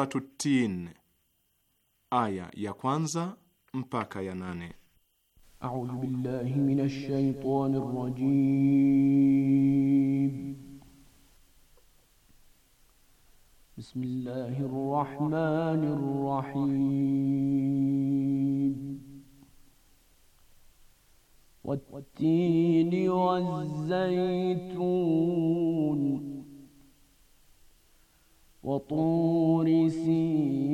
Suratu Tin, aya ya kwanza mpaka ya nane. A'udhu billahi minash shaitanir rajim. Bismillahir rahmanir rahim. والتين والزيت وطور سين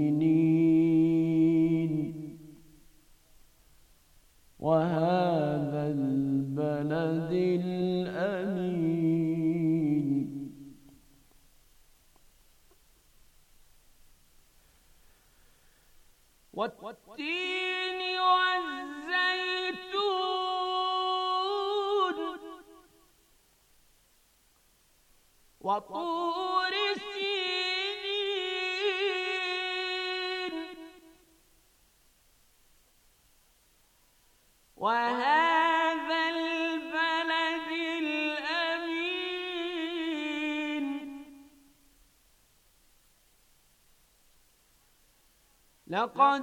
قد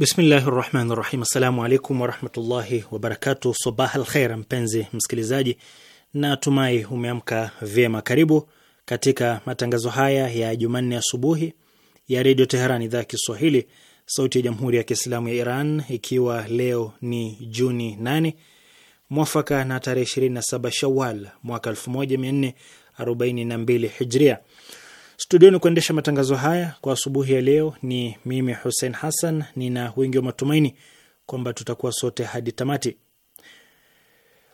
Bismillahi rahmani rahim. Assalamu alaikum warahmatullahi wabarakatuh. Sabah al kheir, mpenzi msikilizaji, na tumai umeamka vyema. Karibu katika matangazo haya ya Jumanne asubuhi ya Redio Teheran, idhaa ya Kiswahili, sauti ya Jamhuri ya Kiislamu ya Iran, ikiwa leo ni Juni 8 mwafaka na tarehe 27 Shawal mwaka 1442 Hijria. Studioni kuendesha matangazo haya kwa asubuhi ya leo ni mimi Hussein Hassan. Nina wingi wa matumaini kwamba tutakuwa sote hadi tamati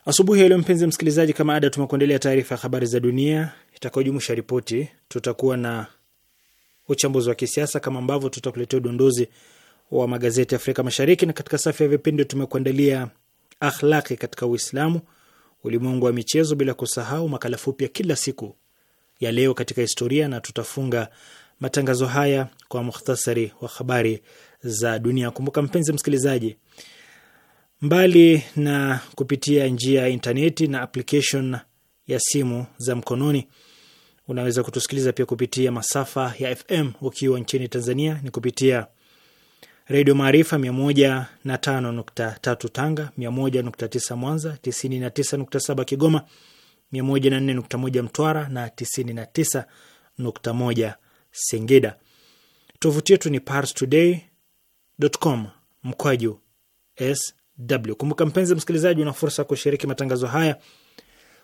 asubuhi ya leo. Mpenzi msikilizaji, kama ada, tumekuendelea taarifa ya habari za dunia itakayojumuisha ripoti. Tutakuwa na uchambuzi wa kisiasa kama ambavyo tutakuletea udondozi wa magazeti ya Afrika Mashariki, na katika safu ya vipindi tumekuandalia akhlaki katika Uislamu, ulimwengu wa michezo, bila kusahau makala fupi ya kila siku ya leo katika historia, na tutafunga matangazo haya kwa mukhtasari wa habari za dunia. Kumbuka mpenzi msikilizaji, mbali na kupitia njia ya intaneti na application ya simu za mkononi, unaweza kutusikiliza pia kupitia masafa ya FM. Ukiwa nchini Tanzania ni kupitia Redio Maarifa 105.3 Tanga, 101.9 Mwanza, 99.7 Kigoma 104.1 Mtwara na 99.1 Singida. Tovuti yetu ni parstoday.com mkwaju sw. Kumbuka mpenzi msikilizaji, una fursa ya kushiriki matangazo haya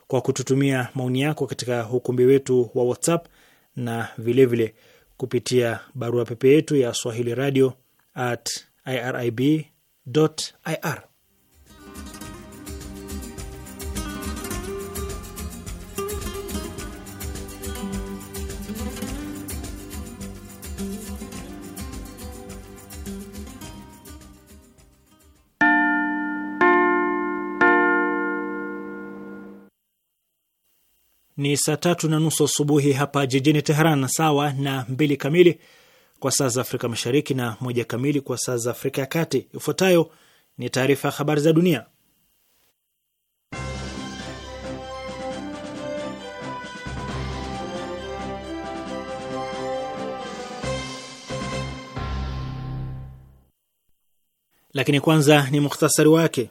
kwa kututumia maoni yako katika ukumbi wetu wa WhatsApp na vilevile vile kupitia barua pepe yetu ya swahili radio at ir ni saa tatu na nusu asubuhi hapa jijini Teheran, sawa na mbili kamili kwa saa za Afrika Mashariki na moja kamili kwa saa za Afrika ya Kati. Ifuatayo ni taarifa ya habari za dunia, lakini kwanza ni mukhtasari wake.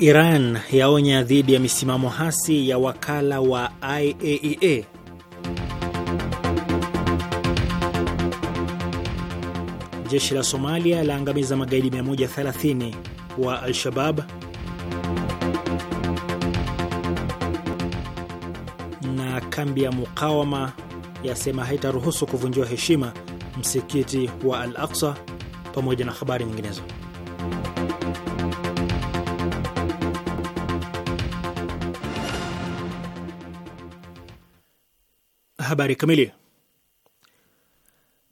Iran yaonya dhidi ya misimamo hasi ya wakala wa IAEA. E Jeshi la Somalia laangamiza magaidi 130 wa Al-Shabab. Na kambi ya mukawama yasema haitaruhusu kuvunjiwa heshima msikiti wa Al-Aqsa, pamoja na habari nyinginezo. Habari kamili.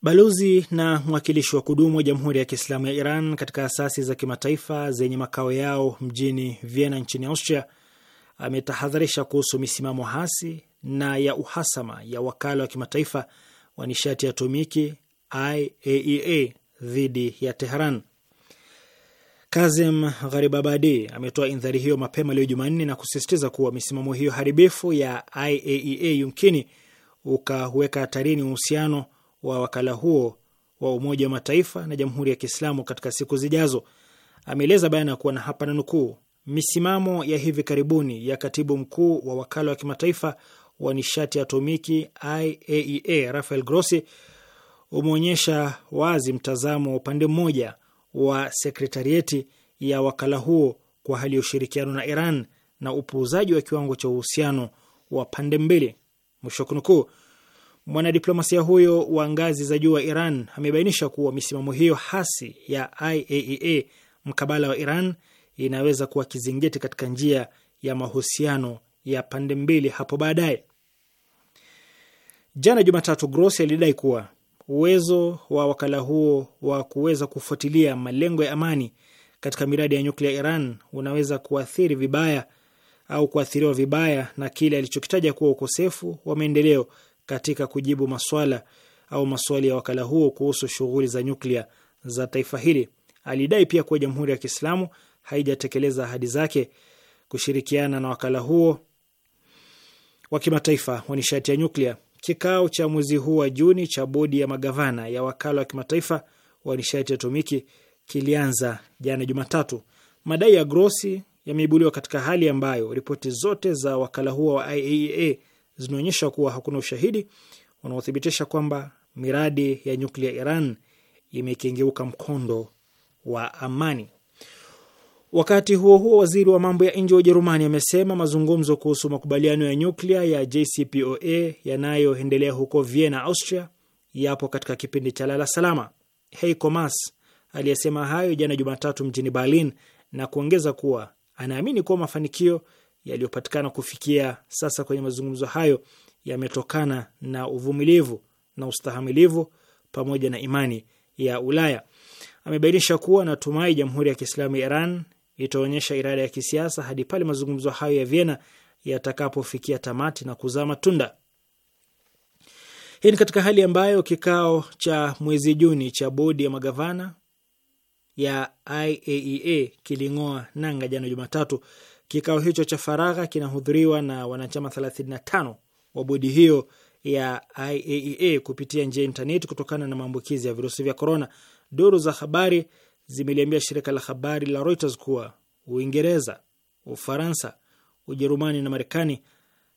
Balozi na mwakilishi wa kudumu wa Jamhuri ya Kiislamu ya Iran katika asasi za kimataifa zenye makao yao mjini Vienna nchini Austria ametahadharisha kuhusu misimamo hasi na ya uhasama ya wakala wa kimataifa wa nishati ya atomiki IAEA e dhidi ya Teheran. Kazem Gharibabadi ametoa indhari hiyo mapema leo Jumanne na kusisitiza kuwa misimamo hiyo haribifu ya IAEA e yumkini ukaweka hatarini uhusiano wa wakala huo wa Umoja wa Mataifa na Jamhuri ya Kiislamu katika siku zijazo. Ameeleza bayana kuwa na hapa na nukuu, misimamo ya hivi karibuni ya katibu mkuu wa wakala wa kimataifa wa nishati atomiki IAEA e Rafael Grossi umeonyesha wazi mtazamo wa upande mmoja wa sekretarieti ya wakala huo kwa hali ya ushirikiano na Iran na upuuzaji wa kiwango cha uhusiano wa pande mbili mwisho kunukuu. Mwanadiplomasia huyo wa ngazi za juu wa Iran amebainisha kuwa misimamo hiyo hasi ya IAEA e mkabala wa Iran inaweza kuwa kizingiti katika njia ya mahusiano ya pande mbili hapo baadaye. Jana Jumatatu, Grossi alidai kuwa uwezo wa wakala huo wa kuweza kufuatilia malengo ya amani katika miradi ya nyuklia Iran unaweza kuathiri vibaya au kuathiriwa vibaya na kile alichokitaja kuwa ukosefu wa maendeleo katika kujibu maswala au maswali ya wakala huo kuhusu shughuli za nyuklia za taifa hili. Alidai pia kuwa Jamhuri ya Kiislamu haijatekeleza ahadi zake kushirikiana na wakala huo wa kimataifa wa nishati ya nyuklia. Kikao cha mwezi huu wa Juni cha bodi ya magavana ya wakala wa kimataifa wa nishati ya atomiki kilianza jana Jumatatu. Madai ya Grossi yameibuliwa katika hali ambayo ripoti zote za wakala huo wa IAEA e zinaonyesha kuwa hakuna ushahidi unaothibitisha kwamba miradi ya nyuklia Iran imekengeuka mkondo wa amani. Wakati huo huo, waziri wa mambo ya nje wa Ujerumani amesema mazungumzo kuhusu makubaliano ya nyuklia ya JCPOA yanayoendelea huko Vienna, Austria, yapo katika kipindi cha lala salama. Heiko Maas aliyesema hayo jana Jumatatu mjini Berlin na kuongeza kuwa anaamini kuwa mafanikio yaliyopatikana kufikia sasa kwenye mazungumzo hayo yametokana na uvumilivu na ustahamilivu pamoja na imani ya Ulaya. Amebainisha kuwa natumai Jamhuri ya Kiislamu ya Iran itaonyesha irada ya kisiasa hadi pale mazungumzo hayo ya Vienna yatakapofikia tamati na kuzaa matunda. Hii ni katika hali ambayo kikao cha mwezi Juni cha bodi ya magavana ya IAEA e kiling'oa nanga jana Jumatatu. Kikao hicho cha faragha kinahudhuriwa na wanachama 35 wa bodi hiyo ya IAEA e kupitia njia ya intaneti kutokana na maambukizi ya virusi vya korona. Duru za habari zimeliambia shirika la habari la Reuters kuwa Uingereza, Ufaransa, Ujerumani na Marekani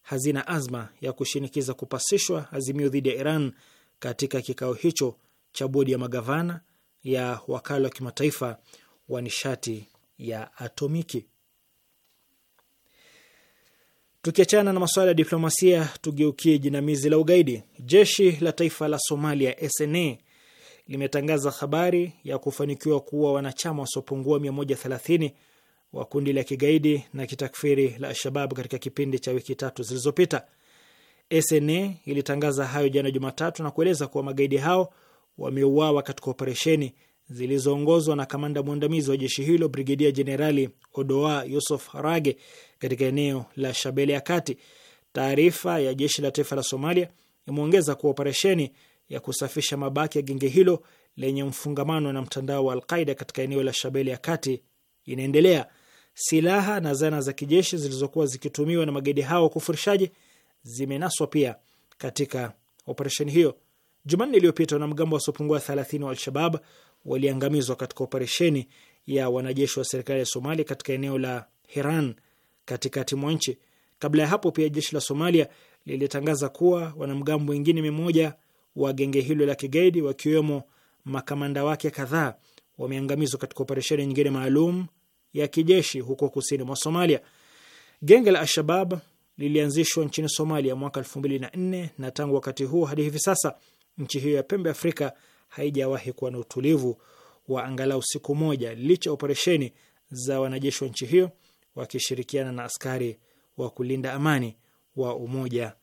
hazina azma ya kushinikiza kupasishwa azimio dhidi ya Iran katika kikao hicho cha bodi ya magavana ya wakala wa kimataifa wa nishati ya atomiki. Tukiachana na masuala ya diplomasia, tugeukie jinamizi la ugaidi. Jeshi la taifa la Somalia SNA limetangaza habari ya kufanikiwa kuwa wanachama wasiopungua 130 wa kundi la kigaidi na kitakfiri la Alshabab katika kipindi cha wiki tatu zilizopita. SNA ilitangaza hayo jana Jumatatu na kueleza kuwa magaidi hao wameuawa katika operesheni zilizoongozwa na kamanda mwandamizi wa jeshi hilo Brigedia Jenerali Odoa Yusuf rage katika eneo la Shabele ya Kati. Taarifa ya jeshi la taifa la Somalia imeongeza kuwa operesheni ya kusafisha mabaki ya genge hilo lenye mfungamano na mtandao wa Alqaida katika eneo la Shabele ya Kati inaendelea. Silaha na zana za kijeshi zilizokuwa zikitumiwa na magaidi hao wa kufurishaji zimenaswa pia katika operesheni hiyo. Jumanne iliyopita wanamgambo wasiopungua 30 wa Alshabab waliangamizwa katika operesheni ya wanajeshi wa serikali ya Somalia katika eneo la Hiran katikati mwa nchi. Kabla ya hapo pia jeshi la Somalia lilitangaza kuwa wanamgambo wengine mia moja wa genge hilo la kigaidi wakiwemo makamanda wake kadhaa wameangamizwa katika operesheni nyingine maalum ya kijeshi huko kusini mwa Somalia. Genge la Alshabab lilianzishwa nchini Somalia mwaka 2004 na tangu wakati huo hadi hivi sasa nchi hiyo ya pembe Afrika haijawahi kuwa na utulivu wa angalau siku moja, licha ya operesheni za wanajeshi wa nchi hiyo wakishirikiana na askari wa kulinda amani wa Umoja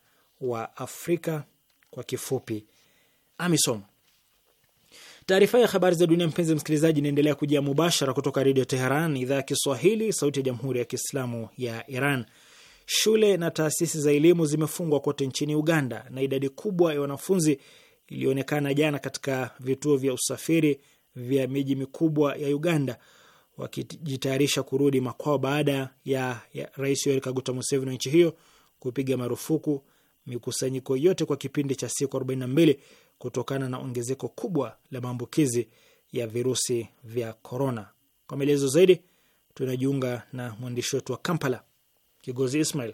wa Afrika, kwa kifupi AMISOM. Taarifa ya habari za dunia, mpenzi msikilizaji, inaendelea kujia mubashara kutoka Redio Teheran, idhaa ya Kiswahili, sauti ya jamhuri ya kiislamu ya Iran. Shule na taasisi za elimu zimefungwa kote nchini Uganda na idadi kubwa ya wanafunzi ilionekana jana katika vituo vya usafiri vya miji mikubwa ya Uganda wakijitayarisha kurudi makwao baada ya, ya Rais Yoweri Kaguta Museveni wa nchi hiyo kupiga marufuku mikusanyiko yote kwa kipindi cha siku 42 kutokana na ongezeko kubwa la maambukizi ya virusi vya korona. Kwa maelezo zaidi tunajiunga na mwandishi wetu wa Kampala, Kigozi Ismail.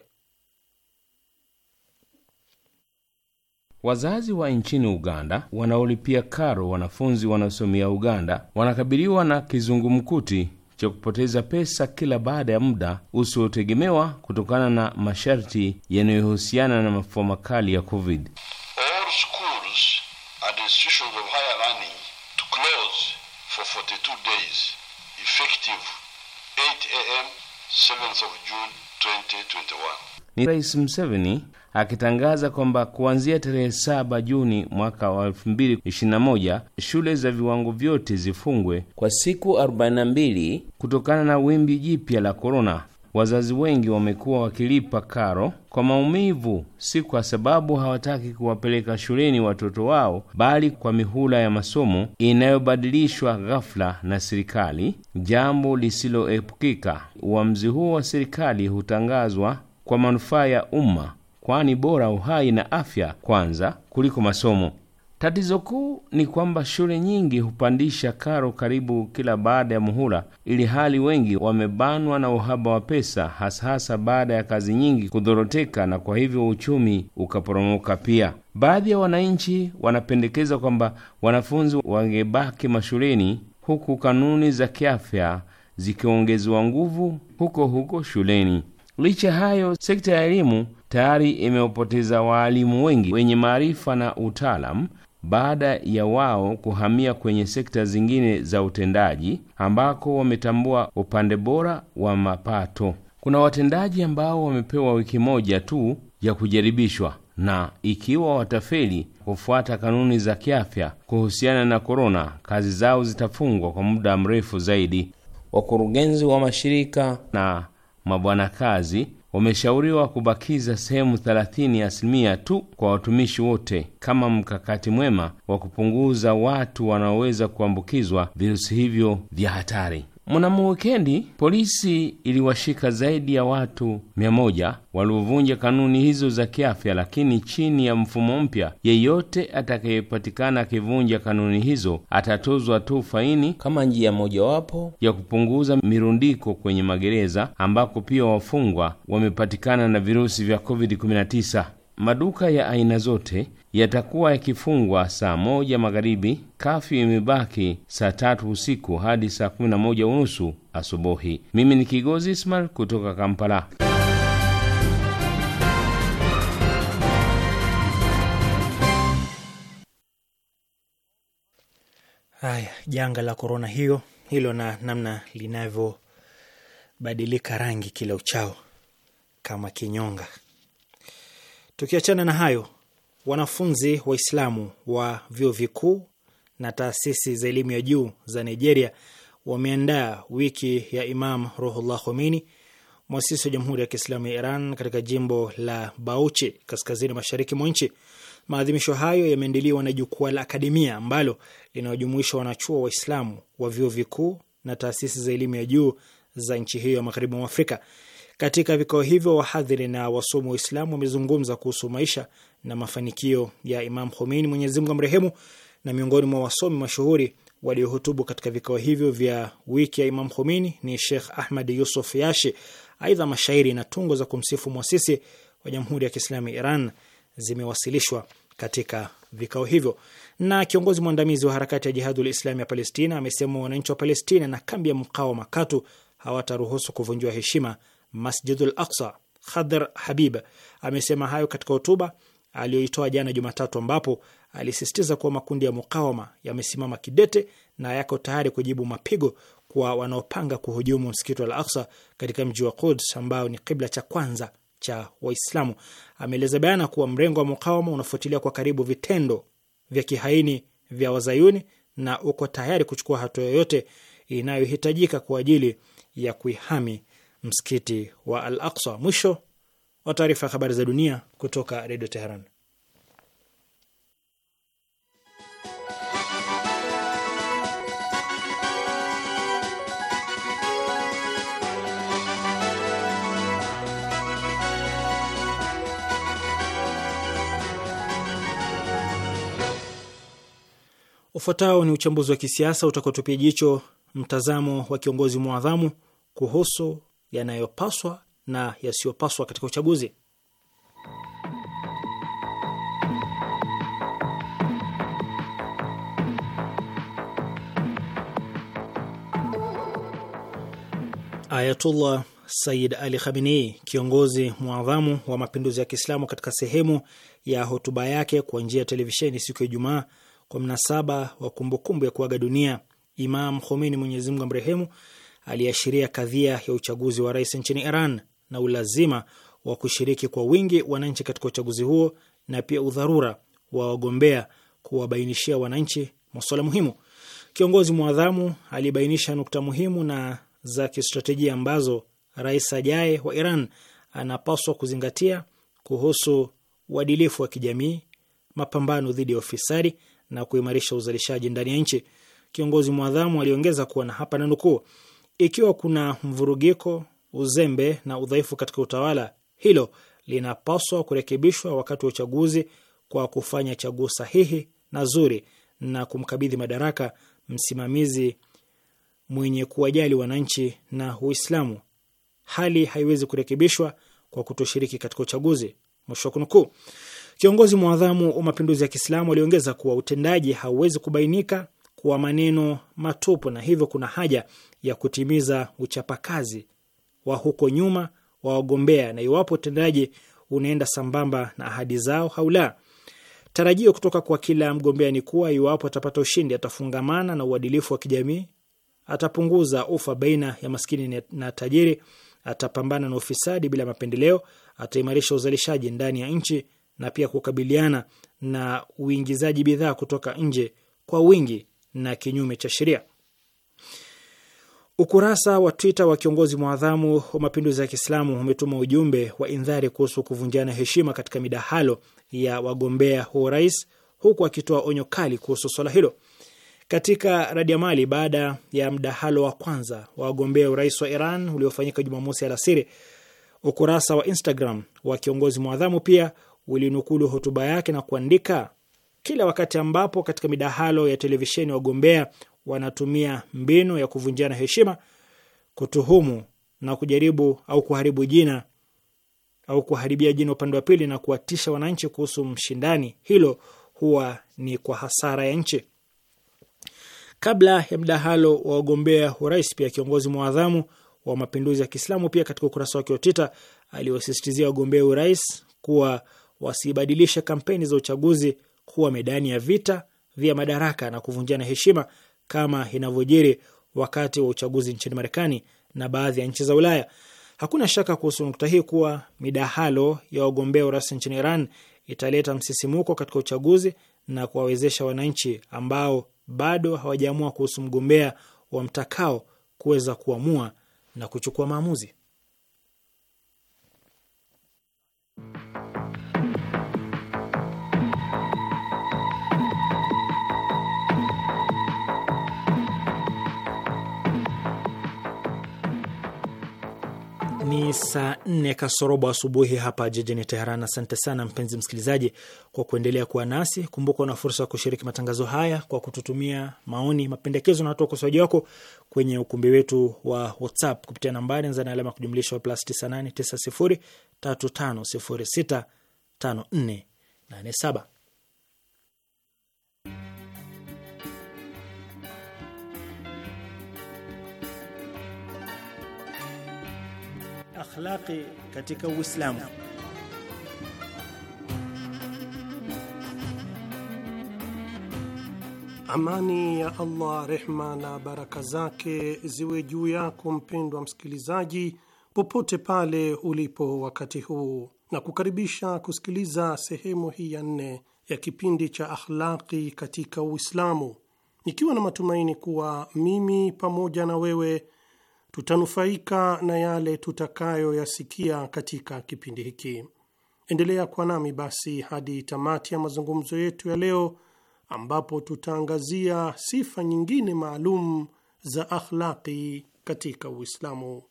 Wazazi wa nchini Uganda wanaolipia karo wanafunzi wanaosomea Uganda wanakabiliwa na kizungumkuti cha kupoteza pesa kila baada ya muda usiotegemewa kutokana na masharti yanayohusiana na mafua makali ya COVID. Ni Rais Museveni akitangaza kwamba kuanzia tarehe saba Juni mwaka wa 2021 shule za viwango vyote zifungwe kwa siku 42 kutokana na wimbi jipya la korona. Wazazi wengi wamekuwa wakilipa karo kwa maumivu, si kwa sababu hawataki kuwapeleka shuleni watoto wao, bali kwa mihula ya masomo inayobadilishwa ghafla na serikali, jambo lisiloepukika. Uamuzi huo wa serikali hutangazwa kwa manufaa ya umma kwani bora uhai na afya kwanza kuliko masomo. Tatizo kuu ni kwamba shule nyingi hupandisha karo karibu kila baada ya muhula, ili hali wengi wamebanwa na uhaba wa pesa, hasahasa baada ya kazi nyingi kudhoroteka, na kwa hivyo uchumi ukaporomoka pia. Baadhi ya wananchi wanapendekeza kwamba wanafunzi wangebaki mashuleni, huku kanuni za kiafya zikiongezewa nguvu huko huko shuleni. Licha hayo, sekta ya elimu tayari imewapoteza waalimu wengi wenye maarifa na utaalamu baada ya wao kuhamia kwenye sekta zingine za utendaji ambako wametambua upande bora wa mapato. Kuna watendaji ambao wamepewa wiki moja tu ya kujaribishwa, na ikiwa watafeli kufuata kanuni za kiafya kuhusiana na korona, kazi zao zitafungwa kwa muda mrefu zaidi. Wakurugenzi wa mashirika na mabwana kazi wameshauriwa kubakiza sehemu 30 ya asilimia tu kwa watumishi wote kama mkakati mwema wa kupunguza watu wanaoweza kuambukizwa virusi hivyo vya hatari. Mnamo wikendi polisi iliwashika zaidi ya watu mia waliovunja kanuni hizo za kiafya, lakini chini ya mfumo mpya, yeyote atakayepatikana akivunja kanuni hizo atatozwa tu faini kama njia mojawapo ya kupunguza mirundiko kwenye magereza ambako pia wafungwa wamepatikana na virusi vya COVID-19. Maduka ya aina zote yatakuwa yakifungwa saa moja magharibi. Kafyu imebaki saa tatu usiku hadi saa kumi na moja unusu asubuhi. Mimi ni Kigozi Ismail kutoka Kampala. Haya, janga la korona hiyo hilo na namna linavyobadilika rangi kila uchao kama kinyonga. Tukiachana na hayo wanafunzi Waislamu wa vyuo vikuu na taasisi za elimu ya juu za Nigeria wameandaa wiki ya Imam Ruhullah Khomeini, mwasisi wa Jamhuri ya Kiislamu ya Iran, katika jimbo la Bauchi, kaskazini mashariki mwa nchi. Maadhimisho hayo yameandiliwa na jukwaa la Akademia ambalo linawajumuisha wanachuo Waislamu wa vyuo vikuu na taasisi za elimu ya juu za nchi hiyo ya magharibi mwa Afrika. Katika vikao hivyo, wahadhiri na wasomi Waislamu wamezungumza kuhusu maisha na mafanikio ya Imam Khomeini, Mwenyezi Mungu amrehemu, na miongoni mwa wasomi mashuhuri waliohutubu katika vikao hivyo vya wiki ya Imam Khomeini ni Sheikh Ahmad Yusuf Yashi. Aidha, mashairi na tungo za kumsifu mwasisi wa Jamhuri ya Kiislamu Iran zimewasilishwa katika vikao hivyo. Na kiongozi mwandamizi wa harakati ya Jihadul Islami ya Palestina amesema wananchi wa Palestina na kambi ya mkawama makatu hawataruhusu kuvunjiwa heshima Masjidul Aqsa. Khadr Habib amesema hayo katika hotuba aliyoitoa jana Jumatatu, ambapo alisisitiza kuwa makundi ya mukawama yamesimama kidete na yako tayari kujibu mapigo kwa wanaopanga kuhujumu msikiti wa Al Aksa katika mji wa Quds ambao ni kibla cha kwanza cha Waislamu. Ameeleza bayana kuwa mrengo wa mukawama unafuatilia kwa karibu vitendo vya kihaini vya wazayuni na uko tayari kuchukua hatua yoyote inayohitajika kwa ajili ya kuihami msikiti wa Al Aksa. Mwisho wa taarifa ya habari za dunia kutoka Redio Teheran. Ufuatao ni uchambuzi wa kisiasa utakaotupia jicho mtazamo wa kiongozi mwadhamu kuhusu yanayopaswa na yasiyopaswa katika uchaguzi. Ayatullah Sayyid Ali Khamenei, kiongozi mwadhamu wa mapinduzi ya Kiislamu, katika sehemu ya hotuba yake kwa njia ya televisheni siku ya Ijumaa kwa mnasaba wa kumbukumbu ya kuaga dunia Imam Khomeini, Mwenyezi Mungu amrehemu, aliashiria kadhia ya uchaguzi wa rais nchini Iran na ulazima wa kushiriki kwa wingi wananchi katika uchaguzi huo na pia udharura wa wagombea kuwabainishia wananchi masuala muhimu. Kiongozi mwadhamu alibainisha nukta muhimu na za kistratejia ambazo rais ajaye wa Iran anapaswa kuzingatia kuhusu uadilifu wa kijamii, mapambano dhidi ya ufisadi na kuimarisha uzalishaji ndani ya nchi. Kiongozi mwadhamu aliongeza kuwa na hapa na nukuu, ikiwa kuna mvurugiko uzembe na udhaifu katika utawala, hilo linapaswa kurekebishwa wakati wa uchaguzi kwa kufanya chaguo sahihi na zuri na kumkabidhi madaraka msimamizi mwenye kuwajali wananchi na Uislamu. Hali haiwezi kurekebishwa kwa kutoshiriki katika uchaguzi. Mwisho wa kunukuu. Kiongozi mwadhamu wa mapinduzi ya Kiislamu aliongeza kuwa utendaji hauwezi kubainika kuwa maneno matupu, na hivyo kuna haja ya kutimiza uchapakazi wa huko nyuma wa wagombea na iwapo utendaji unaenda sambamba na ahadi zao au la. Tarajio kutoka kwa kila mgombea ni kuwa iwapo atapata ushindi, atafungamana na uadilifu wa kijamii, atapunguza ufa baina ya maskini na tajiri, atapambana na ufisadi bila mapendeleo, ataimarisha uzalishaji ndani ya nchi na pia kukabiliana na uingizaji bidhaa kutoka nje kwa wingi na kinyume cha sheria. Ukurasa wa Twitter wa kiongozi mwadhamu wa mapinduzi ya Kiislamu umetuma ujumbe wa indhari kuhusu kuvunjana heshima katika midahalo ya wagombea wa urais, huku akitoa onyo kali kuhusu swala hilo. Katika radiamali baada ya mdahalo wa kwanza wa wagombea urais wa Iran uliofanyika Jumamosi alasiri, ukurasa wa Instagram wa kiongozi mwadhamu pia ulinukulu hotuba yake na kuandika, kila wakati ambapo katika midahalo ya televisheni wagombea wanatumia mbinu ya kuvunjana heshima, kutuhumu na kujaribu au kuharibu jina au kuharibia jina upande wa pili na kuwatisha wananchi kuhusu mshindani, hilo huwa ni kwa hasara ya nchi. Kabla ya mdahalo wa wagombea urais, pia kiongozi mwadhamu wa mapinduzi ya Kiislamu pia katika ukurasa wake wa Twitter aliwasisitizia wagombea urais kuwa wasibadilishe kampeni za uchaguzi kuwa medani ya vita vya madaraka na kuvunjana heshima kama inavyojiri wakati wa uchaguzi nchini Marekani na baadhi ya nchi za Ulaya. Hakuna shaka kuhusu nukta hii kuwa midahalo ya wagombea urais nchini Iran italeta msisimuko katika uchaguzi na kuwawezesha wananchi ambao bado hawajaamua kuhusu mgombea wa mtakao kuweza kuamua na kuchukua maamuzi. ni saa nne kasorobo asubuhi hapa jijini Teheran. Asante sana mpenzi msikilizaji kwa kuendelea kuwa nasi. Kumbuka una fursa ya kushiriki matangazo haya kwa kututumia maoni, mapendekezo na hatua ukosoaji wako kwenye ukumbi wetu wa WhatsApp kupitia nambari anza na alama ya kujumlisha wa 98 989035065487. akhlaqi katika Uislamu. Amani ya Allah, rehma na baraka zake ziwe juu yako mpendwa msikilizaji, popote pale ulipo wakati huu, na kukaribisha kusikiliza sehemu hii ya nne ya kipindi cha akhlaqi katika Uislamu, nikiwa na matumaini kuwa mimi pamoja na wewe tutanufaika na yale tutakayoyasikia katika kipindi hiki. Endelea kuwa nami basi hadi tamati ya mazungumzo yetu ya leo, ambapo tutaangazia sifa nyingine maalum za akhlaqi katika Uislamu.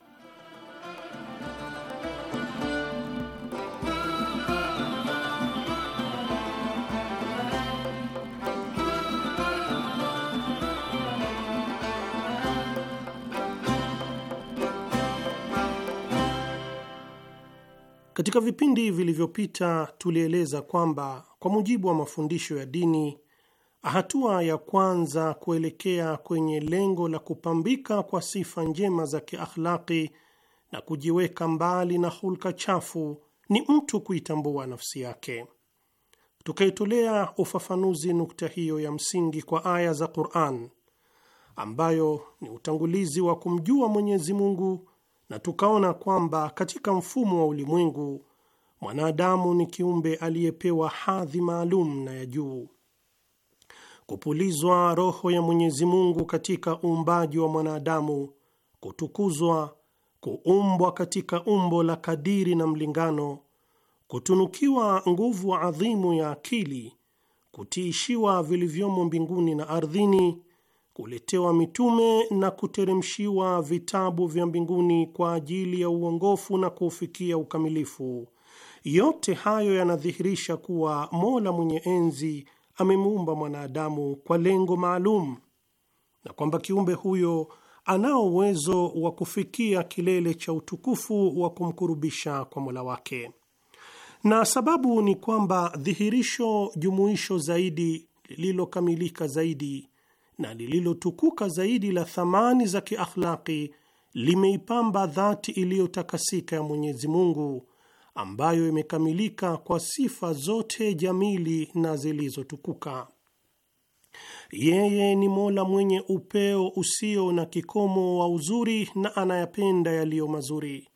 Katika vipindi vilivyopita tulieleza kwamba kwa mujibu wa mafundisho ya dini, hatua ya kwanza kuelekea kwenye lengo la kupambika kwa sifa njema za kiakhlaki na kujiweka mbali na hulka chafu ni mtu kuitambua nafsi yake. Tukaitolea ufafanuzi nukta hiyo ya msingi kwa aya za Qur'an ambayo ni utangulizi wa kumjua Mwenyezi Mungu na tukaona kwamba katika mfumo wa ulimwengu mwanadamu ni kiumbe aliyepewa hadhi maalum na ya juu. Kupulizwa roho ya Mwenyezi Mungu katika uumbaji wa mwanadamu, kutukuzwa, kuumbwa katika umbo la kadiri na mlingano, kutunukiwa nguvu adhimu ya akili, kutiishiwa vilivyomo mbinguni na ardhini kuletewa mitume na kuteremshiwa vitabu vya mbinguni kwa ajili ya uongofu na kuufikia ukamilifu. Yote hayo yanadhihirisha kuwa Mola mwenye enzi amemuumba mwanadamu kwa lengo maalum na kwamba kiumbe huyo anao uwezo wa kufikia kilele cha utukufu wa kumkurubisha kwa Mola wake. Na sababu ni kwamba dhihirisho jumuisho zaidi lililokamilika zaidi na lililotukuka zaidi la thamani za kiakhlaki limeipamba dhati iliyotakasika ya Mwenyezi Mungu ambayo imekamilika kwa sifa zote jamili na zilizotukuka. Yeye ni Mola mwenye upeo usio na kikomo wa uzuri na anayapenda yaliyo mazuri,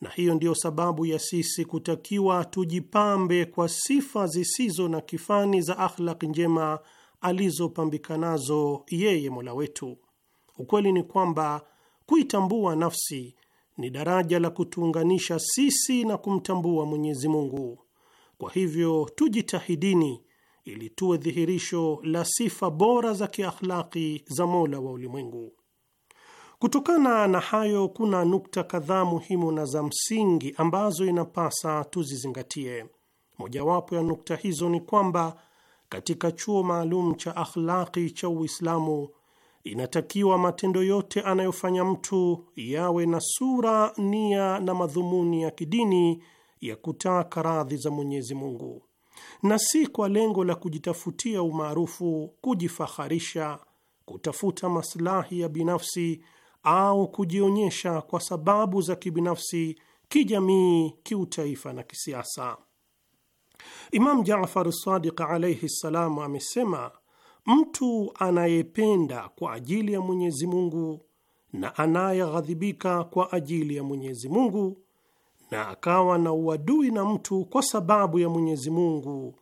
na hiyo ndiyo sababu ya sisi kutakiwa tujipambe kwa sifa zisizo na kifani za akhlaki njema alizopambikanazo yeye Mola wetu. Ukweli ni kwamba kuitambua nafsi ni daraja la kutuunganisha sisi na kumtambua Mwenyezi Mungu. Kwa hivyo tujitahidini ili tuwe dhihirisho la sifa bora za kiakhlaki za Mola wa ulimwengu. Kutokana na hayo, kuna nukta kadhaa muhimu na za msingi ambazo inapasa tuzizingatie. Mojawapo ya nukta hizo ni kwamba katika chuo maalum cha akhlaqi cha Uislamu, inatakiwa matendo yote anayofanya mtu yawe na sura, nia na madhumuni ya kidini ya kutaka radhi za Mwenyezi Mungu, na si kwa lengo la kujitafutia umaarufu, kujifaharisha, kutafuta maslahi ya binafsi au kujionyesha kwa sababu za kibinafsi, kijamii, kiutaifa na kisiasa. Imamu Jafar Sadiq alaihi ssalam amesema mtu anayependa kwa ajili ya Mwenyezi Mungu na anayeghadhibika kwa ajili ya Mwenyezi Mungu na akawa na uadui na mtu kwa sababu ya Mwenyezi Mungu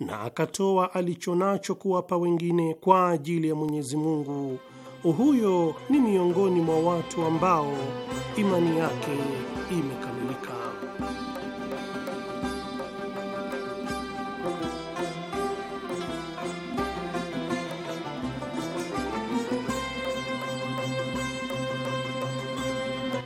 na akatoa alichonacho kuwapa wengine kwa ajili ya Mwenyezi Mungu, huyo ni miongoni mwa watu ambao imani yake imekamilika.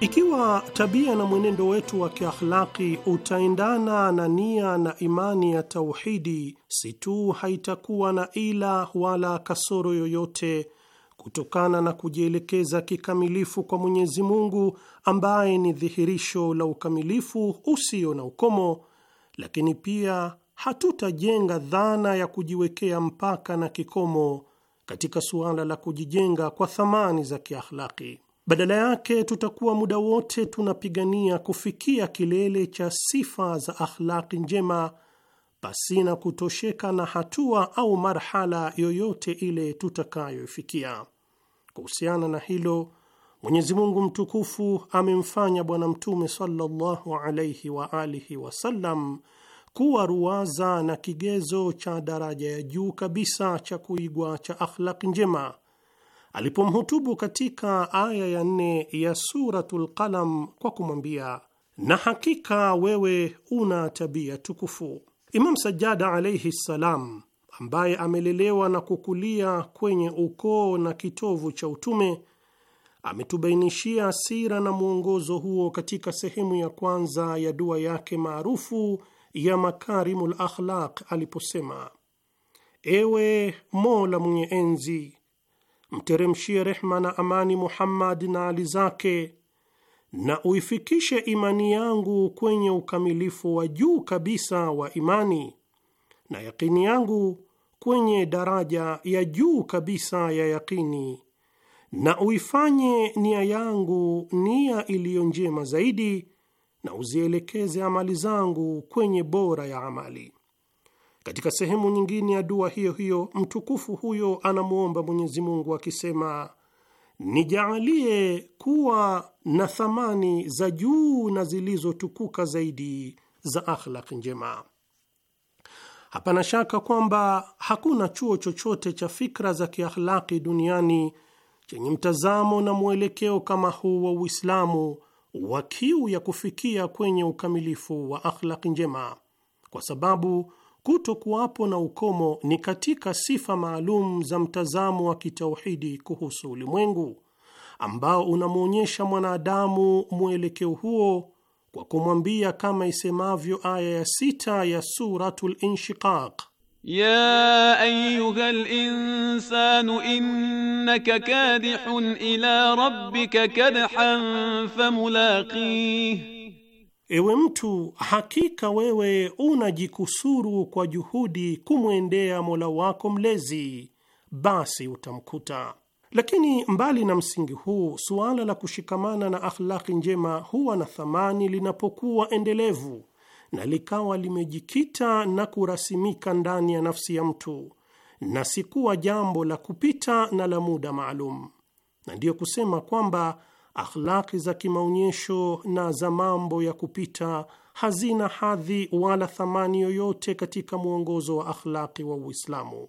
Ikiwa tabia na mwenendo wetu wa kiakhlaki utaendana na nia na imani ya tauhidi, si tu haitakuwa na ila wala kasoro yoyote kutokana na kujielekeza kikamilifu kwa Mwenyezi Mungu ambaye ni dhihirisho la ukamilifu usio na ukomo, lakini pia hatutajenga dhana ya kujiwekea mpaka na kikomo katika suala la kujijenga kwa thamani za kiakhlaki. Badala yake tutakuwa muda wote tunapigania kufikia kilele cha sifa za akhlaki njema pasina kutosheka na hatua au marhala yoyote ile tutakayoifikia. Kuhusiana na hilo, Mwenyezi Mungu mtukufu amemfanya Bwana Mtume sallallahu alaihi wa alihi wasallam kuwa ruwaza na kigezo cha daraja ya juu kabisa cha kuigwa cha akhlaki njema alipomhutubu katika aya ya nne ya Suratul Qalam kwa kumwambia, na hakika wewe una tabia tukufu. Imam sajada alaihi ssalam, ambaye amelelewa na kukulia kwenye ukoo na kitovu cha utume, ametubainishia sira na mwongozo huo katika sehemu ya kwanza ya dua yake maarufu ya Makarimul Akhlaq aliposema: ewe Mola mwenye enzi mteremshie rehma na amani Muhammad na ali zake, na uifikishe imani yangu kwenye ukamilifu wa juu kabisa wa imani na yakini yangu kwenye daraja ya juu kabisa ya yakini, na uifanye nia yangu nia iliyo njema zaidi, na uzielekeze amali zangu kwenye bora ya amali. Katika sehemu nyingine ya dua hiyo hiyo mtukufu huyo anamwomba Mwenyezi Mungu akisema, nijaalie kuwa na thamani za juu na zilizotukuka zaidi za akhlaq njema. Hapana shaka kwamba hakuna chuo chochote cha fikra za kiakhlaqi duniani chenye mtazamo na mwelekeo kama huu wa Uislamu wa kiu ya kufikia kwenye ukamilifu wa akhlaki njema, kwa sababu kuto kuwapo na ukomo ni katika sifa maalum za mtazamo wa kitauhidi kuhusu ulimwengu ambao unamwonyesha mwanadamu mwelekeo huo kwa kumwambia kama isemavyo aya ya sita ya Suratul Inshiqaq, ya ayuha linsanu innaka kadihun ila rabbika kadhan famulaqih Ewe mtu, hakika wewe unajikusuru kwa juhudi kumwendea Mola wako mlezi, basi utamkuta. Lakini mbali na msingi huu, suala la kushikamana na akhlaki njema huwa na thamani linapokuwa endelevu na likawa limejikita na kurasimika ndani ya nafsi ya mtu na sikuwa jambo la kupita na la muda maalum, na ndiyo kusema kwamba akhlaki za kimaonyesho na za mambo ya kupita hazina hadhi wala thamani yoyote katika mwongozo wa akhlaki wa Uislamu,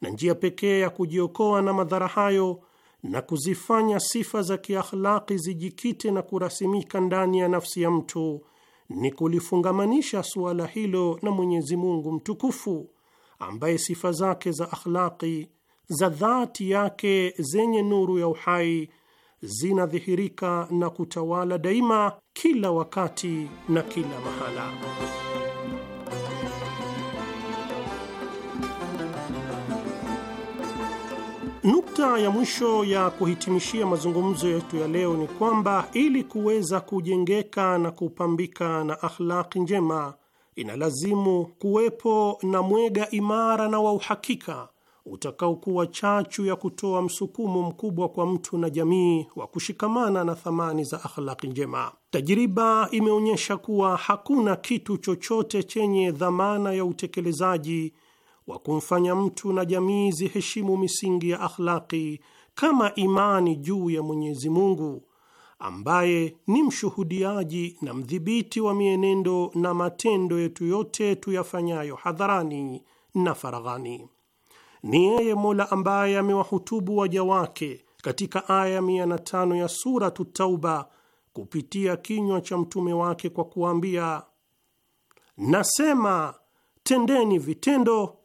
na njia pekee ya kujiokoa na madhara hayo na kuzifanya sifa za kiakhlaki zijikite na kurasimika ndani ya nafsi ya mtu ni kulifungamanisha suala hilo na Mwenyezi Mungu mtukufu ambaye sifa zake za akhlaki za dhati yake zenye nuru ya uhai zinadhihirika na kutawala daima kila wakati na kila mahala. Nukta ya mwisho ya kuhitimishia mazungumzo yetu ya leo ni kwamba ili kuweza kujengeka na kupambika na akhlaki njema inalazimu kuwepo na mwega imara na wa uhakika utakaokuwa chachu ya kutoa msukumo mkubwa kwa mtu na jamii wa kushikamana na thamani za akhlaki njema. Tajiriba imeonyesha kuwa hakuna kitu chochote chenye dhamana ya utekelezaji wa kumfanya mtu na jamii ziheshimu misingi ya akhlaki kama imani juu ya Mwenyezi Mungu ambaye ni mshuhudiaji na mdhibiti wa mienendo na matendo yetu yote tuyafanyayo hadharani na faraghani. Ni yeye Mola ambaye amewahutubu waja wake katika aya 105 ya Suratu Tauba kupitia kinywa cha mtume wake kwa kuambia nasema tendeni vitendo,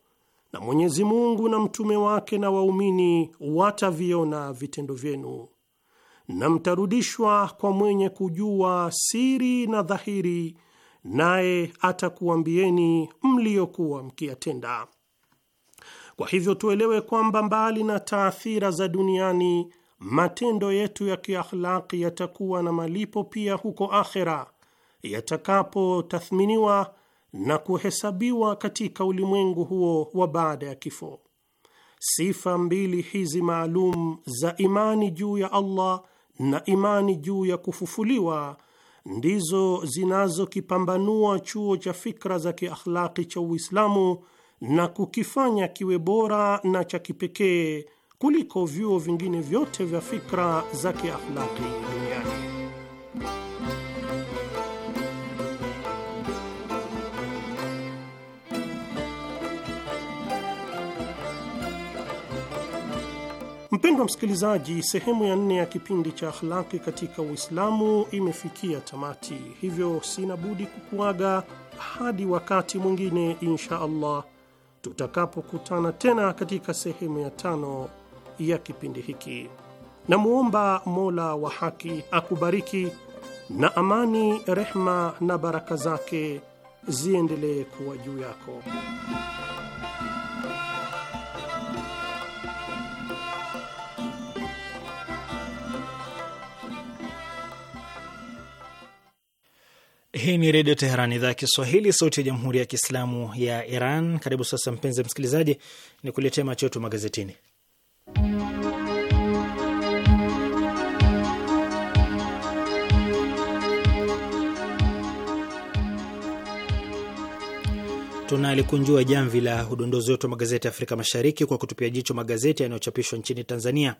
na Mwenyezi Mungu na mtume wake na waumini wataviona vitendo vyenu, na mtarudishwa kwa mwenye kujua siri na dhahiri, naye atakuambieni mliokuwa mkiyatenda. Kwa hivyo tuelewe kwamba mbali na taathira za duniani, matendo yetu ya kiakhlaki yatakuwa na malipo pia huko akhera, yatakapotathminiwa na kuhesabiwa katika ulimwengu huo wa baada ya kifo. Sifa mbili hizi maalum za imani juu ya Allah na imani juu ya kufufuliwa ndizo zinazokipambanua chuo cha fikra za kiakhlaki cha Uislamu na kukifanya kiwe bora na cha kipekee kuliko vyuo vingine vyote vya fikra za kiakhlaki duniani. Mpendwa msikilizaji, sehemu ya nne ya kipindi cha akhlaki katika Uislamu imefikia tamati, hivyo sina budi kukuaga hadi wakati mwingine insha Allah tutakapokutana tena katika sehemu ya tano ya kipindi hiki. Namwomba Mola wa haki akubariki na amani, rehma na baraka zake ziendelee kuwa juu yako. Hii ni Redio Teheran, idhaa ya Kiswahili, sauti ya Jamhuri ya Kiislamu ya Iran. Karibu sasa, mpenzi msikilizaji, ni kuletea machoto magazetini. Tunalikunjua jamvi la udondozi wetu wa magazeti ya Afrika Mashariki kwa kutupia jicho magazeti yanayochapishwa nchini Tanzania.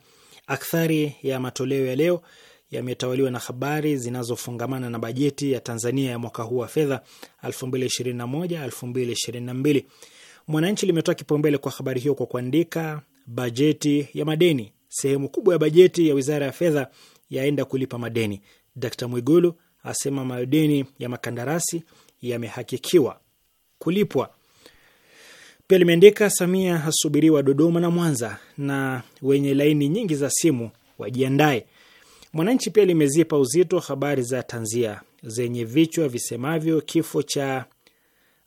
Akthari ya matoleo ya leo yametawaliwa na habari zinazofungamana na bajeti ya Tanzania ya mwaka huu wa fedha 2021/2022. Mwananchi limetoa kipaumbele kwa habari hiyo kwa kuandika bajeti ya madeni, sehemu kubwa ya bajeti ya wizara ya fedha yaenda kulipa madeni. Dkt Mwigulu asema madeni ya makandarasi yamehakikiwa kulipwa. Pia limeandika Samia hasubiriwa Dodoma na Mwanza, na wenye laini nyingi za simu wajiandae. Mwananchi pia limezipa uzito habari za tanzia zenye vichwa visemavyo kifo cha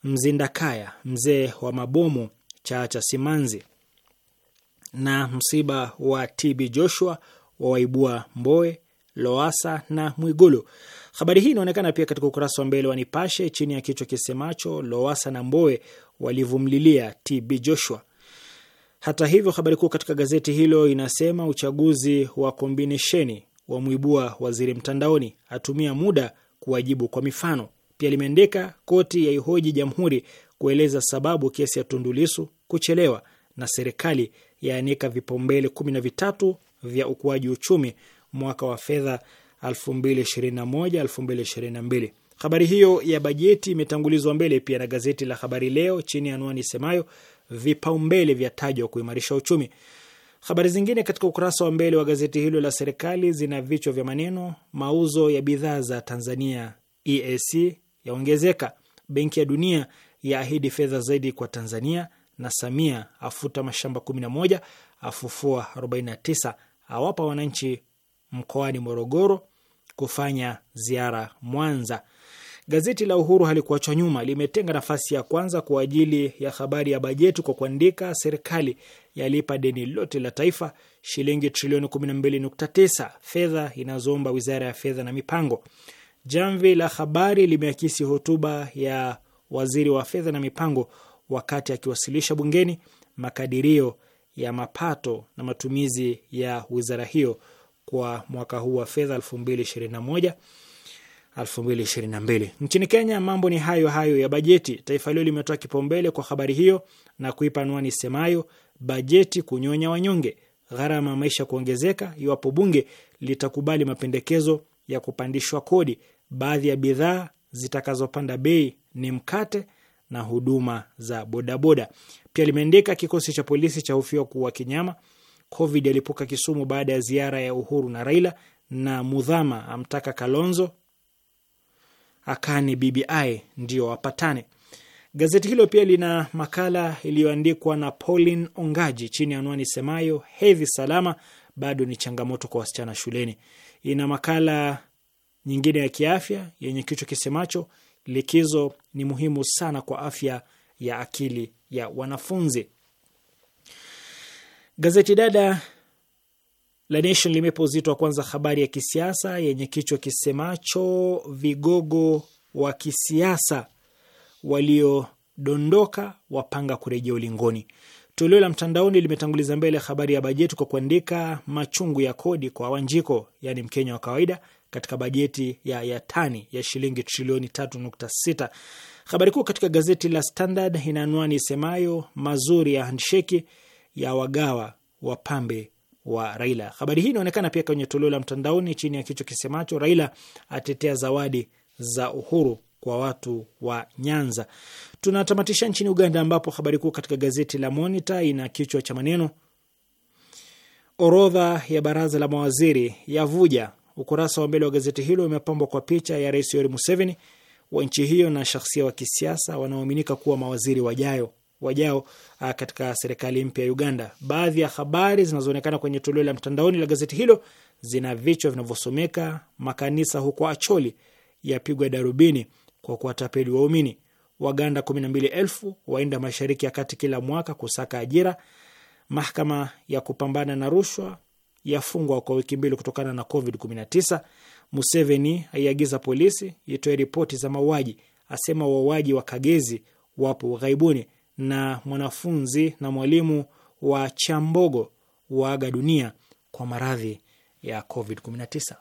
Mzindakaya mzee wa mabomu cha cha simanzi na msiba wa TB Joshua wa waibua Mboe, Loasa na Mwigulu. Habari hii inaonekana pia katika ukurasa wa mbele wa Nipashe chini ya kichwa kisemacho Loasa na Mboe walivumlilia TB Joshua. Hata hivyo, habari kuu katika gazeti hilo inasema uchaguzi wa kombinesheni wamwibua waziri mtandaoni, atumia muda kuwajibu kwa mifano. Pia limeandika koti ya ihoji jamhuri kueleza sababu kesi ya Tundulisu kuchelewa, na serikali yaanika vipaumbele kumi na vitatu vya ukuaji uchumi mwaka wa fedha 2021/2022. Habari hiyo ya bajeti imetangulizwa mbele pia na gazeti la Habari Leo chini ya anwani isemayo vipaumbele vya tajwa kuimarisha uchumi. Habari zingine katika ukurasa wa mbele wa gazeti hilo la serikali zina vichwa vya maneno: mauzo ya bidhaa za Tanzania EAC yaongezeka, Benki ya Dunia yaahidi fedha zaidi kwa Tanzania, na Samia afuta mashamba 11 afufua 49, awapa wananchi mkoani Morogoro, kufanya ziara Mwanza. Gazeti la Uhuru halikuachwa nyuma, limetenga nafasi ya kwanza kwa ajili ya habari ya bajeti kwa kuandika, serikali yalipa deni lote la taifa shilingi trilioni 12.9, fedha inazoomba wizara ya fedha na mipango. Jamvi la Habari limeakisi hotuba ya waziri wa fedha na mipango wakati akiwasilisha bungeni makadirio ya mapato na matumizi ya wizara hiyo kwa mwaka huu wa fedha 2021 2022. Nchini Kenya mambo ni hayo hayo ya bajeti. Taifa hilo limetoa kipaumbele kwa habari hiyo na kuipa anwani semayo bajeti kunyonya wanyonge, gharama ya maisha kuongezeka iwapo bunge litakubali mapendekezo ya kupandishwa kodi. Baadhi ya bidhaa zitakazopanda bei ni mkate na huduma za bodaboda. Pia limeandika kikosi cha polisi cha hofiwa kuwa kinyama. Covid alipuka Kisumu baada ya ziara ya Uhuru na Raila, na Mudhama amtaka Kalonzo Akane BBI ndio wapatane. Gazeti hilo pia lina makala iliyoandikwa na Pauline Ongaji chini ya anwani semayo hedhi salama bado ni changamoto kwa wasichana shuleni. Ina makala nyingine ya kiafya yenye kichwa kisemacho likizo ni muhimu sana kwa afya ya akili ya wanafunzi. Gazeti dada la Nation limepa uzito wa kwanza habari ya kisiasa yenye kichwa kisemacho vigogo wa kisiasa waliodondoka wapanga kurejea ulingoni. Toleo la mtandaoni limetanguliza mbele habari ya bajeti kwa kuandika machungu ya kodi kwa Wanjiko, yaani Mkenya wa kawaida, katika bajeti ya Yatani ya shilingi trilioni 3.6. Habari kuu katika gazeti la Standard ina anwani isemayo mazuri ya handsheki ya wagawa wapambe wa Raila. Habari hii inaonekana pia kwenye toleo la mtandaoni chini ya kichwa kisemacho Raila atetea zawadi za uhuru kwa watu wa Nyanza. Tunatamatisha nchini Uganda, ambapo habari kuu katika gazeti la Monitor ina kichwa cha maneno orodha ya baraza la mawaziri yavuja. Ukurasa wa mbele wa gazeti hilo umepambwa kwa picha ya Rais Yoweri Museveni wa nchi hiyo na shahsia wa kisiasa wanaoaminika kuwa mawaziri wajayo wajao uh, katika serikali mpya ya Uganda. Baadhi ya habari zinazoonekana kwenye toleo la mtandaoni la gazeti hilo zina vichwa vinavyosomeka makanisa huko Acholi yapigwa darubini kwa kuwatapeli waumini, Waganda 12,000 waenda mashariki ya kati kila mwaka kusaka ajira, mahakama ya kupambana na rushwa yafungwa kwa wiki mbili kutokana na COVID-19, Museveni aiagiza polisi itoe ripoti za mauaji, asema wauaji wa Kagezi wapo ughaibuni, na mwanafunzi na mwalimu wa Chambogo waaga dunia kwa maradhi ya COVID-19.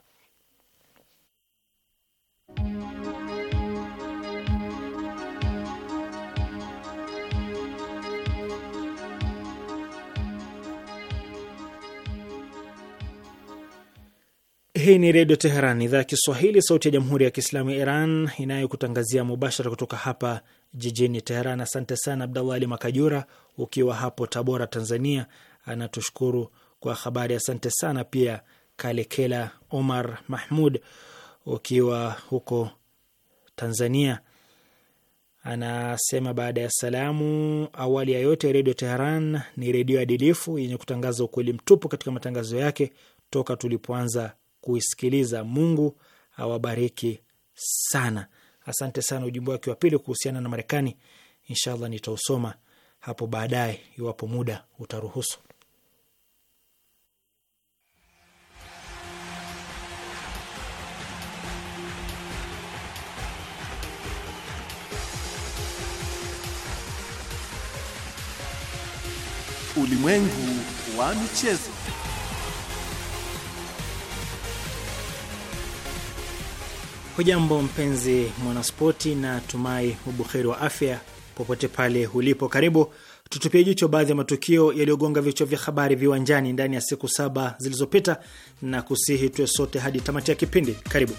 Hii ni Redio Teheran, idhaa ya Kiswahili, sauti ya Jamhuri ya Kiislamu ya Iran, inayokutangazia mubashara kutoka hapa jijini Teheran. Asante sana Abdallah Ali Makajura, ukiwa hapo Tabora, Tanzania, anatushukuru kwa habari. Asante sana pia Kalekela Omar Mahmud, ukiwa huko Tanzania, anasema baada ya salamu, awali ya yote, Redio Teheran ni redio adilifu yenye kutangaza ukweli mtupu katika matangazo yake toka tulipoanza kuisikiliza. Mungu awabariki sana. Asante sana. Ujumbe wake wa pili kuhusiana na Marekani inshallah nitausoma hapo baadaye iwapo muda utaruhusu. Ulimwengu wa michezo. Hujambo mpenzi mwanaspoti, na tumai ubuheri wa afya popote pale ulipo. Karibu tutupie jicho baadhi ya matukio yaliyogonga vichwa vya habari viwanjani ndani ya siku saba zilizopita, na kusihi tuwe sote hadi tamati ya kipindi. Karibu.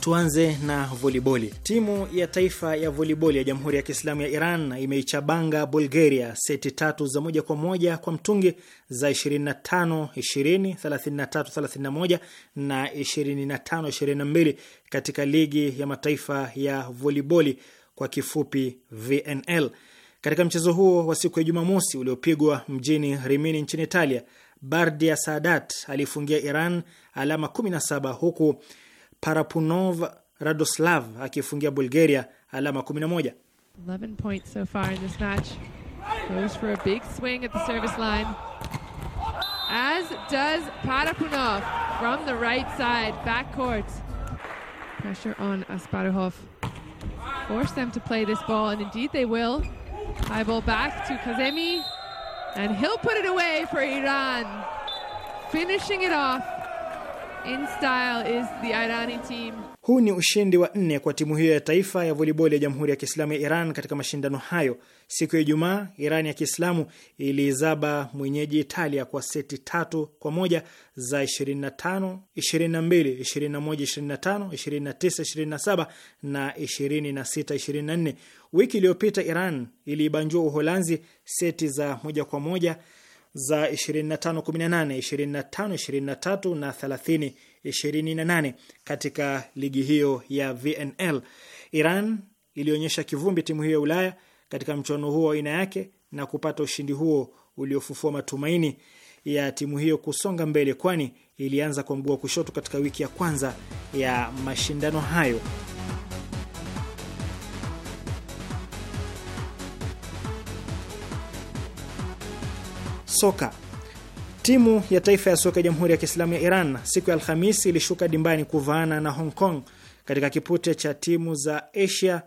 Tuanze na voliboli. Timu ya taifa ya voliboli ya Jamhuri ya Kiislamu ya Iran imeichabanga Bulgaria seti tatu za moja kwa moja kwa mtungi za 25 20, 33 31 na 25 22 katika ligi ya mataifa ya voliboli kwa kifupi VNL. Katika mchezo huo wa siku ya Jumamosi uliopigwa mjini Rimini nchini Italia, Bardia Sadat aliifungia Iran alama 17 huku Parapunov Radoslav akifungia Bulgaria alama 11. 11 points so far in this match. Goes for a big swing at the service line. As does Parapunov from the right side, backcourt. Pressure on Asparuhov. Force them to play this ball, and indeed they will. High ball back to Kazemi, and he'll put it away for Iran. Finishing it off In style is the Irani team. Huu ni ushindi wa nne kwa timu hiyo ya taifa ya voliboli ya Jamhuri ya Kiislamu ya Iran katika mashindano hayo. Siku ya Ijumaa, Iran ya Kiislamu iliizaba mwenyeji Italia kwa seti tatu kwa moja za 25 22, 21 25, 29 27 na 26 24. Wiki iliyopita Iran iliibanjua Uholanzi seti za moja kwa moja za 25, 18, 25, 23 na 30, 28 katika ligi hiyo ya VNL. Iran ilionyesha kivumbi timu hiyo ya Ulaya katika mchuano huo wa aina yake na kupata ushindi huo uliofufua matumaini ya timu hiyo kusonga mbele, kwani ilianza kwa mguu wa kushoto katika wiki ya kwanza ya mashindano hayo. soka. Timu ya taifa ya soka ya Jamhuri ya Kiislamu ya Iran siku ya Alhamisi ilishuka dimbani kuvaana na Hong Kong katika kipute cha timu za Asia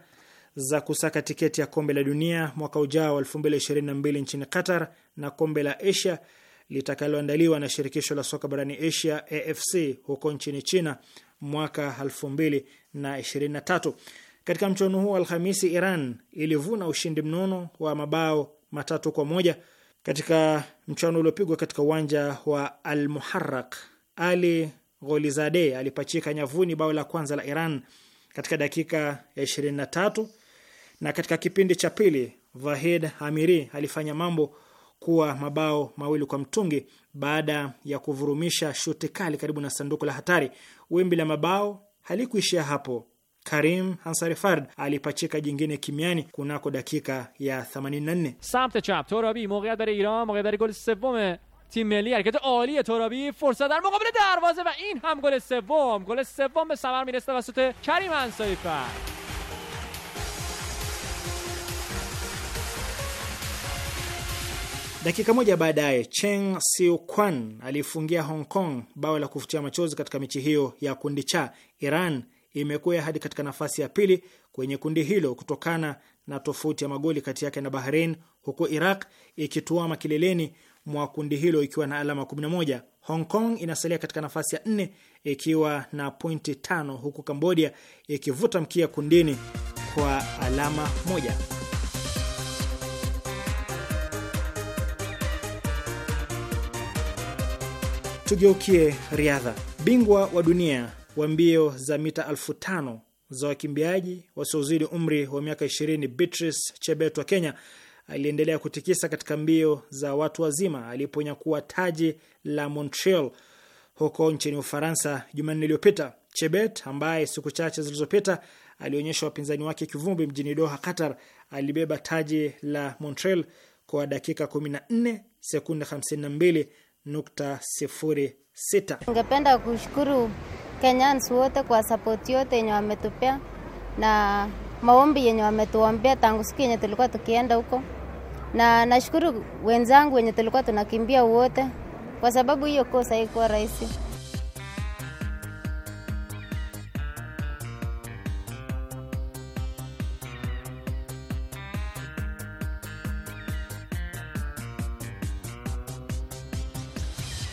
za kusaka tiketi ya kombe la dunia mwaka ujao 2022 nchini Qatar na kombe la Asia litakaloandaliwa na shirikisho la soka barani Asia AFC huko nchini China mwaka 2023. Katika mchuano huo Alhamisi, Iran ilivuna ushindi mnono wa mabao matatu kwa moja katika mchuano uliopigwa katika uwanja wa Al Muharrak, Ali golizade alipachika nyavuni bao la kwanza la Iran katika dakika ya 23 na katika kipindi cha pili Vahid Amiri alifanya mambo kuwa mabao mawili kwa mtungi baada ya kuvurumisha shuti kali karibu na sanduku la hatari. Wimbi la mabao halikuishia hapo, Karim Fard alipachika jingine kimiani kunako dakika ya 84. Samt chap Torabi moqiyat برای Iran moqiyat برای gol sevom tim ملی harakat ali Torabi fursat dar moqabil darvaze va in ham gol sevom gol sevom be samar میرسه توسط Karim انصاری Fard. Dakika moja baadaye Cheng Siu Kwan alifungia Hong Kong bao la kufutia machozi katika mechi hiyo ya kundi cha. Iran imekuwa hadi katika nafasi ya pili kwenye kundi hilo kutokana na tofauti ya magoli kati yake na Bahrain, huku Iraq ikituama kileleni mwa kundi hilo ikiwa na alama 11. Hong Kong inasalia katika nafasi ya nne ikiwa na pointi tano, huku Kambodia ikivuta mkia kundini kwa alama moja. Tugeukie riadha. Bingwa wa dunia wa mbio za mita elfu tano za wakimbiaji wasiozidi umri wa miaka ishirini Beatrice Chebet wa Kenya aliendelea kutikisa katika mbio za watu wazima aliponyakua taji la Montreal huko nchini Ufaransa Jumanne iliyopita. Chebet ambaye siku chache zilizopita alionyesha wapinzani wake kivumbi mjini Doha, Qatar, alibeba taji la Montreal kwa dakika 14 sekunde 52.06. Ningependa kushukuru Kenyans wote kwa support yote yenye wametupea na maombi yenye wametuombea tangu siku yenye tulikuwa tukienda huko, na nashukuru wenzangu wenye tulikuwa tunakimbia wote, kwa sababu hiyo kosa haikuwa rahisi.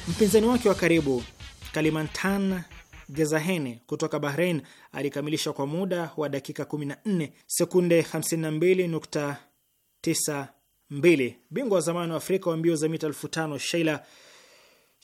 Mpinzani wake wa karibu Kalimantan Gezahene kutoka Bahrein alikamilisha kwa muda wa dakika 14 sekunde 52.92. Bingwa wa zamani wa Afrika wa mbio za mita elfu tano Sheila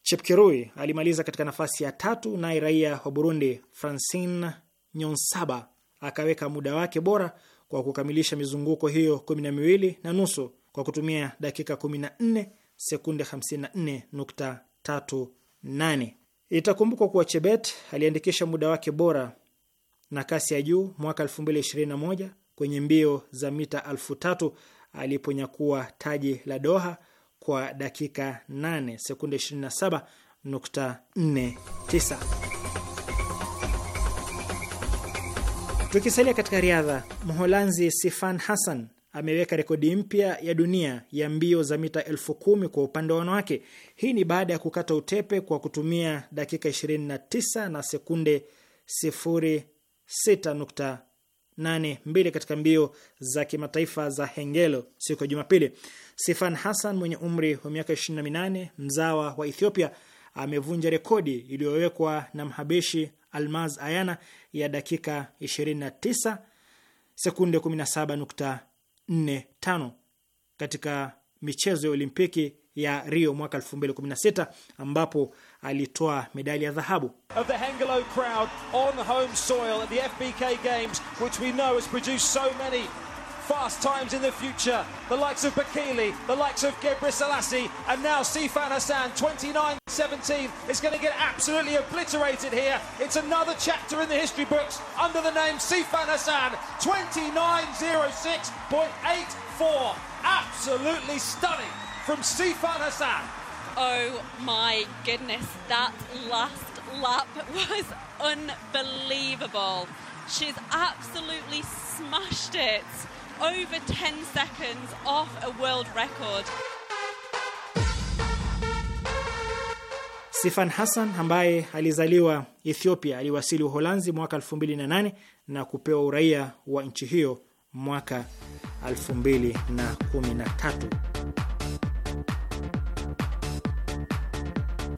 Chepkirui alimaliza katika nafasi ya tatu, naye raia wa Burundi Francine Nyonsaba akaweka muda wake bora kwa kukamilisha mizunguko hiyo kumi na miwili na nusu kwa kutumia dakika 14 sekunde 54.38. Itakumbukwa kuwa Chebet aliandikisha muda wake bora na kasi ya juu mwaka 2021 kwenye mbio za mita 3000 aliponyakua taji la Doha kwa dakika 8 sekunde 27.49. Tukisalia katika riadha, Mholanzi Sifan Hassan ameweka rekodi mpya ya dunia ya mbio za mita elfu kumi kwa upande wa wanawake. Hii ni baada ya kukata utepe kwa kutumia dakika 29 na sekunde 06.82 katika mbio za kimataifa za Hengelo siku ya Jumapili. Sifan Hassan mwenye umri wa miaka 28 mzawa wa Ethiopia amevunja rekodi iliyowekwa na Mhabeshi Almaz Ayana ya dakika 29 sekunde 17 4-5 katika michezo ya Olimpiki ya Rio mwaka 2016 ambapo alitoa medali ya dhahabu. crowd soil games so fast times in the future. The likes of Bakili, the likes of Gebre Selassie, and now Sifan Hassan, 29-17, is going to get absolutely obliterated here. It's another chapter in the history books under the name Sifan Hassan, 29.06.84. Absolutely stunning from Sifan Hassan. Oh my goodness, that last lap was unbelievable. She's absolutely smashed it. over 10 seconds off a world record. Sifan Hassan ambaye alizaliwa Ethiopia aliwasili Uholanzi mwaka 2008 na kupewa uraia wa nchi hiyo mwaka 2013.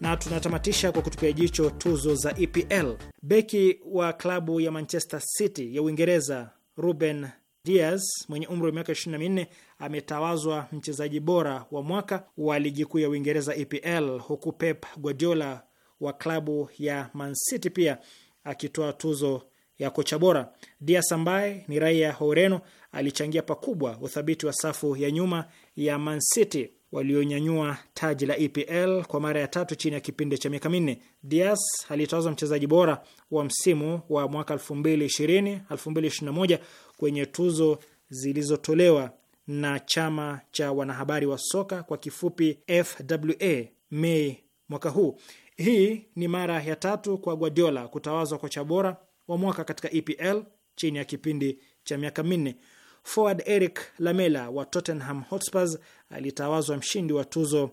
Na tunatamatisha kwa kutupia jicho tuzo za EPL. Beki wa klabu ya Manchester City ya Uingereza Ruben Diaz mwenye umri wa miaka 24 ametawazwa mchezaji bora wa mwaka wa ligi kuu ya Uingereza EPL, huku Pep Guardiola wa klabu ya Man City pia akitoa tuzo ya kocha bora. Diaz ambaye ni raia wa Ureno alichangia pakubwa uthabiti wa safu ya nyuma ya Man City walionyanyua taji la EPL kwa mara ya tatu chini ya kipindi cha miaka minne. Diaz alitawazwa mchezaji bora wa msimu wa mwaka 2020 2021 kwenye tuzo zilizotolewa na chama cha wanahabari wa soka kwa kifupi FWA Mei mwaka huu. Hii ni mara ya tatu kwa Guardiola kutawazwa kocha bora wa mwaka katika EPL chini ya kipindi cha miaka minne. Forward Eric Lamela wa Tottenham Hotspurs alitawazwa mshindi wa tuzo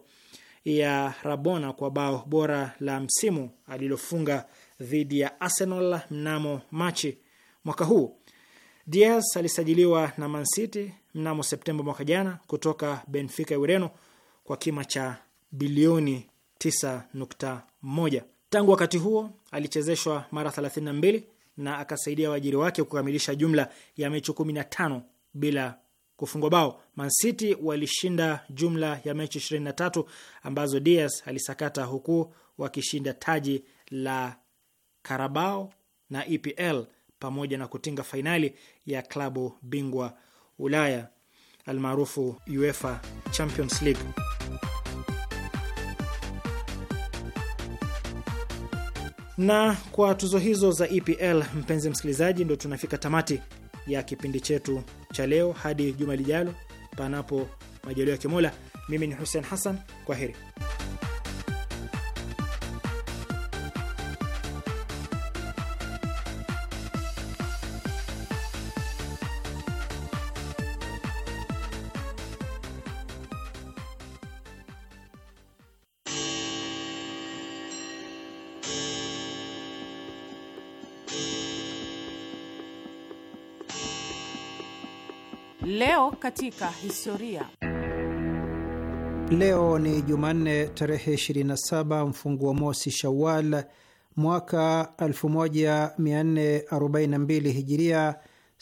ya Rabona kwa bao bora la msimu alilofunga dhidi ya Arsenal mnamo Machi mwaka huu. Dias alisajiliwa na Man City mnamo Septemba mwaka jana kutoka Benfica ya Ureno kwa kima cha bilioni 9.1. Tangu wakati huo alichezeshwa mara 32 na akasaidia waajiri wake kukamilisha jumla ya mechi 15 bila kufungwa bao. Man City walishinda jumla ya mechi 23 ambazo Diaz alisakata huku wakishinda taji la Carabao na EPL pamoja na kutinga fainali ya klabu bingwa Ulaya almaarufu UEFA Champions League. Na kwa tuzo hizo za EPL, mpenzi msikilizaji, ndio tunafika tamati ya kipindi chetu cha leo. Hadi juma lijalo, panapo majaliwa ya Kimola, mimi ni Hussein Hassan, kwa heri. katika historia. Leo ni Jumanne tarehe 27 mfungu wa mosi Shawal mwaka 1442 hijiria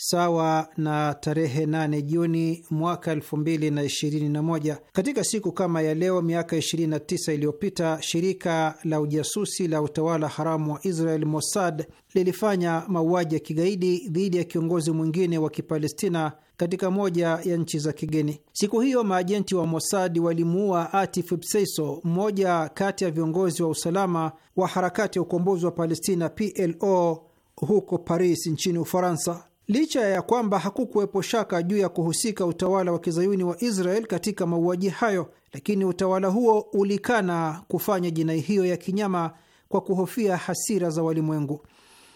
sawa na tarehe 8 Juni mwaka 2021. Katika siku kama ya leo miaka 29 iliyopita, shirika la ujasusi la utawala haramu wa Israel Mossad lilifanya mauaji ya kigaidi dhidi ya kiongozi mwingine wa Kipalestina katika moja ya nchi za kigeni. Siku hiyo maajenti wa Mossad walimuua Atif Pseiso, mmoja kati ya viongozi wa usalama wa harakati ya ukombozi wa Palestina PLO huko Paris nchini Ufaransa. Licha ya kwamba hakukuwepo shaka juu ya kuhusika utawala wa kizayuni wa Israel katika mauaji hayo, lakini utawala huo ulikana kufanya jinai hiyo ya kinyama kwa kuhofia hasira za walimwengu.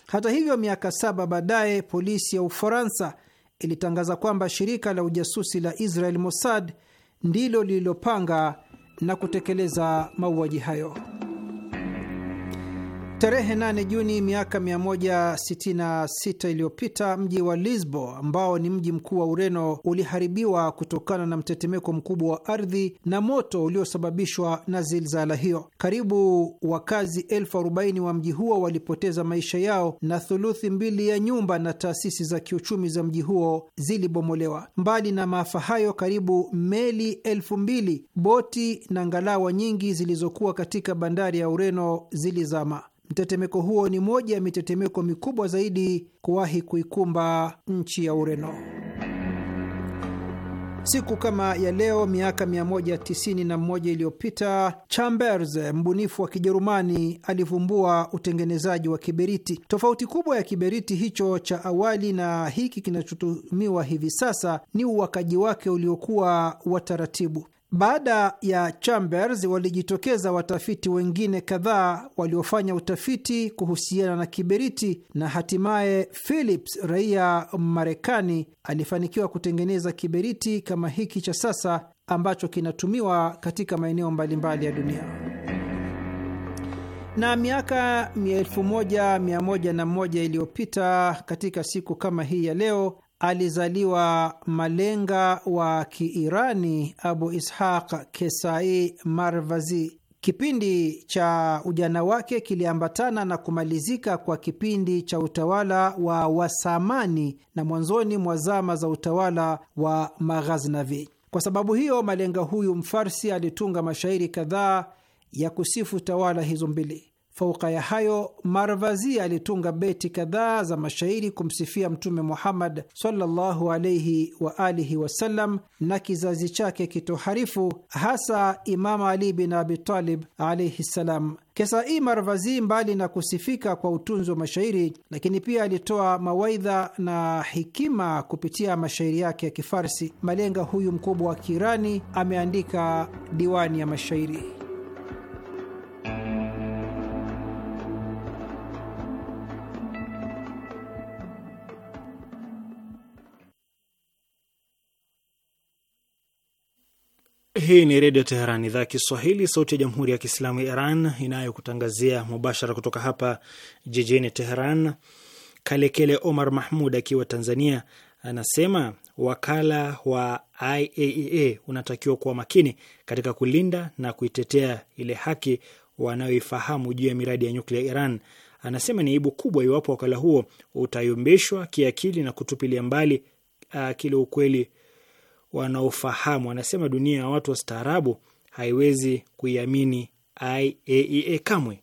Hata hivyo, miaka saba baadaye, polisi ya Ufaransa ilitangaza kwamba shirika la ujasusi la Israel Mossad ndilo lililopanga na kutekeleza mauaji hayo. Tarehe 8 Juni miaka 166 iliyopita mji wa Lisbo ambao ni mji mkuu wa Ureno uliharibiwa kutokana na mtetemeko mkubwa wa ardhi na moto uliosababishwa na zilzala hiyo. Karibu wakazi elfu arobaini wa mji huo walipoteza maisha yao na thuluthi mbili ya nyumba na taasisi za kiuchumi za mji huo zilibomolewa. Mbali na maafa hayo, karibu meli elfu mbili, boti na ngalawa nyingi zilizokuwa katika bandari ya Ureno zilizama. Mtetemeko huo ni moja ya mitetemeko mikubwa zaidi kuwahi kuikumba nchi ya Ureno. Siku kama ya leo miaka 191 iliyopita Chambers, mbunifu wa Kijerumani, alivumbua utengenezaji wa kiberiti. Tofauti kubwa ya kiberiti hicho cha awali na hiki kinachotumiwa hivi sasa ni uwakaji wake uliokuwa wa taratibu. Baada ya Chambers walijitokeza watafiti wengine kadhaa waliofanya utafiti kuhusiana na kiberiti, na hatimaye Phillips raia Marekani alifanikiwa kutengeneza kiberiti kama hiki cha sasa ambacho kinatumiwa katika maeneo mbalimbali ya dunia na miaka 1101 iliyopita katika siku kama hii ya leo alizaliwa malenga wa Kiirani Abu Ishaq Kesai Marvazi. Kipindi cha ujana wake kiliambatana na kumalizika kwa kipindi cha utawala wa Wasamani na mwanzoni mwa zama za utawala wa Maghaznavi. Kwa sababu hiyo, malenga huyu Mfarsi alitunga mashairi kadhaa ya kusifu tawala hizo mbili. Fauka ya hayo, Marvazi alitunga beti kadhaa za mashairi kumsifia Mtume Muhammad sallallahu alaihi wa alihi wasallam na kizazi chake kitoharifu, hasa imamu Ali bin Abitalib alaihi ssalam. Kesai Marvazi, mbali na kusifika kwa utunzi wa mashairi, lakini pia alitoa mawaidha na hikima kupitia mashairi yake ya Kifarsi. Malenga huyu mkubwa wa Kiirani ameandika diwani ya mashairi Hii ni Redio Teheran, idhaa ya Kiswahili, sauti ya Jamhuri ya Kiislamu ya Iran, inayokutangazia mubashara kutoka hapa jijini Teheran. Kalekele Omar Mahmud akiwa Tanzania anasema wakala wa IAEA e unatakiwa kuwa makini katika kulinda na kuitetea ile haki wanayoifahamu juu ya miradi ya nyuklia Iran. Anasema ni aibu kubwa iwapo wakala huo utayumbishwa kiakili na kutupilia mbali uh, kile ukweli wanaofahamu anasema dunia ya watu wastaarabu haiwezi kuiamini IAEA e kamwe.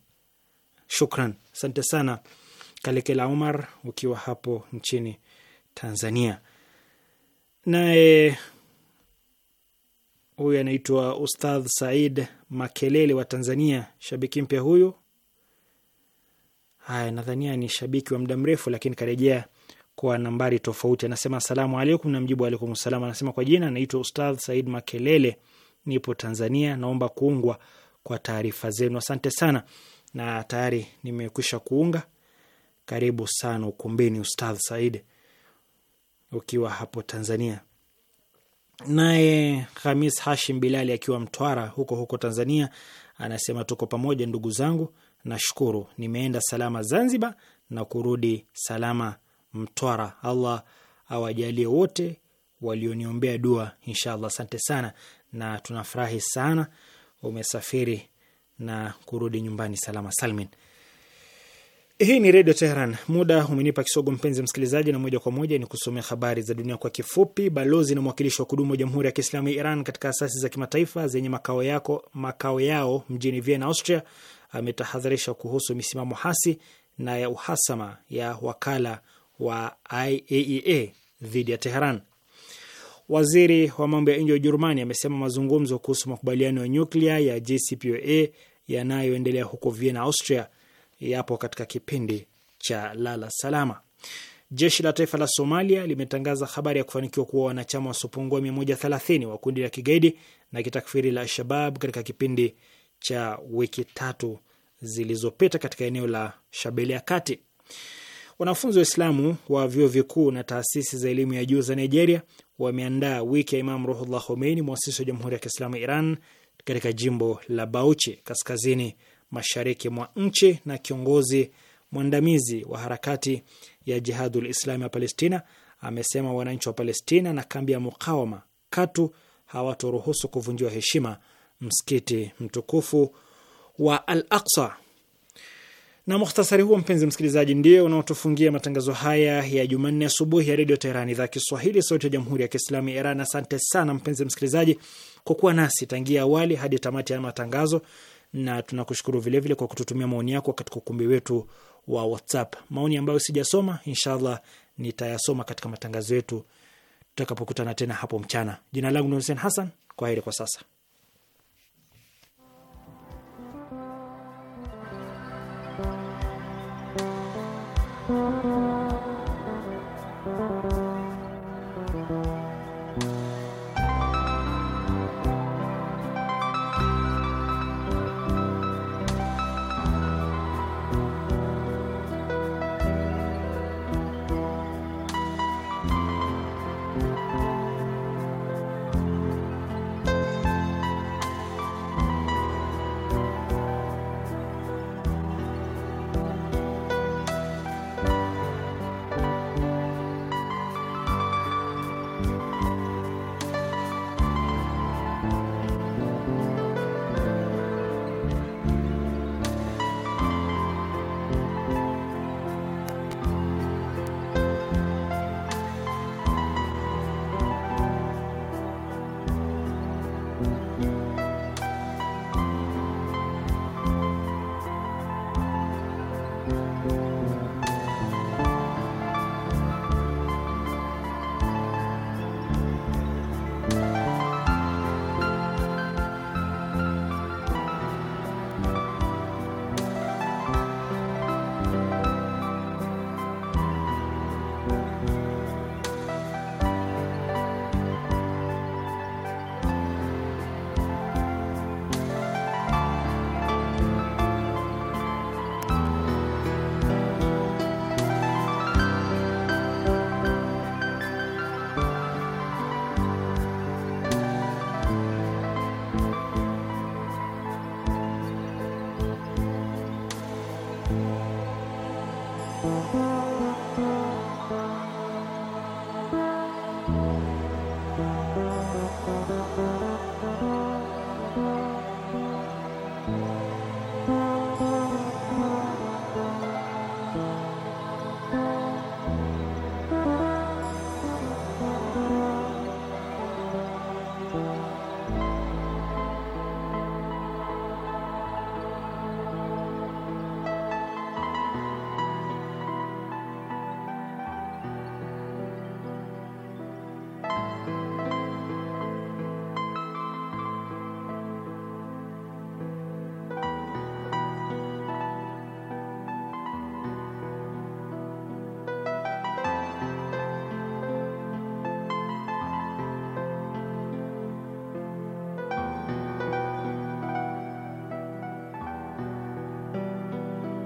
Shukran, asante sana Kalekela Omar ukiwa hapo nchini Tanzania. Naye huyu anaitwa Ustadh Said Makelele wa Tanzania, shabiki mpya huyu. Haya, nadhania ni shabiki wa muda mrefu, lakini karejea kwa nambari tofauti. Anasema asalamu alaikum, na mjibu alaikum salam. Anasema kwa jina naitwa Ustadh Said Makelele, nipo Tanzania, naomba kuungwa kwa taarifa zenu. Asante sana, na tayari nimekwisha kuunga. Karibu sana ukumbini, Ustadh Said, ukiwa hapo Tanzania. Naye Khamis Hashim Bilali akiwa Mtwara huko huko Tanzania anasema tuko pamoja ndugu zangu, nashukuru nimeenda salama Zanzibar na kurudi salama Mtwara. Allah awajalie wote walioniombea dua inshallah. Asante sana na tunafurahi sana umesafiri na kurudi nyumbani salama salmin. Hii ni Redio Teheran. Muda umenipa kisogo, mpenzi msikilizaji, na moja kwa moja ni kusomea habari za dunia kwa kifupi. Balozi na mwakilishi wa kudumu wa Jamhuri ya Kiislamu ya Iran katika asasi za kimataifa zenye makao yako makao yao mjini Vienna, Austria, ametahadharisha kuhusu misimamo hasi na ya uhasama ya wakala wa IAEA e dhidi ya Teheran. Waziri wa mambo ya nje wa Ujerumani amesema mazungumzo kuhusu makubaliano ya nyuklia ya JCPOA yanayoendelea huko Vienna, Austria, yapo katika kipindi cha lala salama. Jeshi la taifa la Somalia limetangaza habari ya kufanikiwa kuwa wanachama wasiopungua 130 wa kundi la kigaidi na kitakfiri la Alshabab katika kipindi cha wiki tatu zilizopita katika eneo la ya kati Wanafunzi Waislamu wa vyuo vikuu na taasisi za elimu ya juu za Nigeria wameandaa wiki ya Imam Ruhullah Khomeini, mwasisi wa Jamhuri ya Kiislamu Iran, katika jimbo la Bauchi, kaskazini mashariki mwa nchi. Na kiongozi mwandamizi wa harakati ya Jihadul Islami ya Palestina amesema wananchi wa Palestina na kambi ya mukawama katu hawatoruhusu kuvunjiwa heshima msikiti mtukufu wa Al Aksa na muhtasari huo, mpenzi msikilizaji, ndio unaotufungia matangazo haya ya Jumanne asubuhi ya Redio Teherani, idhaa Kiswahili, sauti ya Jamhuri ya Kiislamu ya Iran. Asante sana mpenzi msikilizaji kwa kuwa nasi tangia awali hadi tamati ya matangazo, na tunakushukuru vilevile kwa kututumia maoni yako katika ukumbi wetu wa WhatsApp, maoni ambayo sijasoma, inshallah nitayasoma katika matangazo yetu tutakapokutana tena hapo mchana. Jina langu ni Hussein Hassan, kwa heri kwa sasa.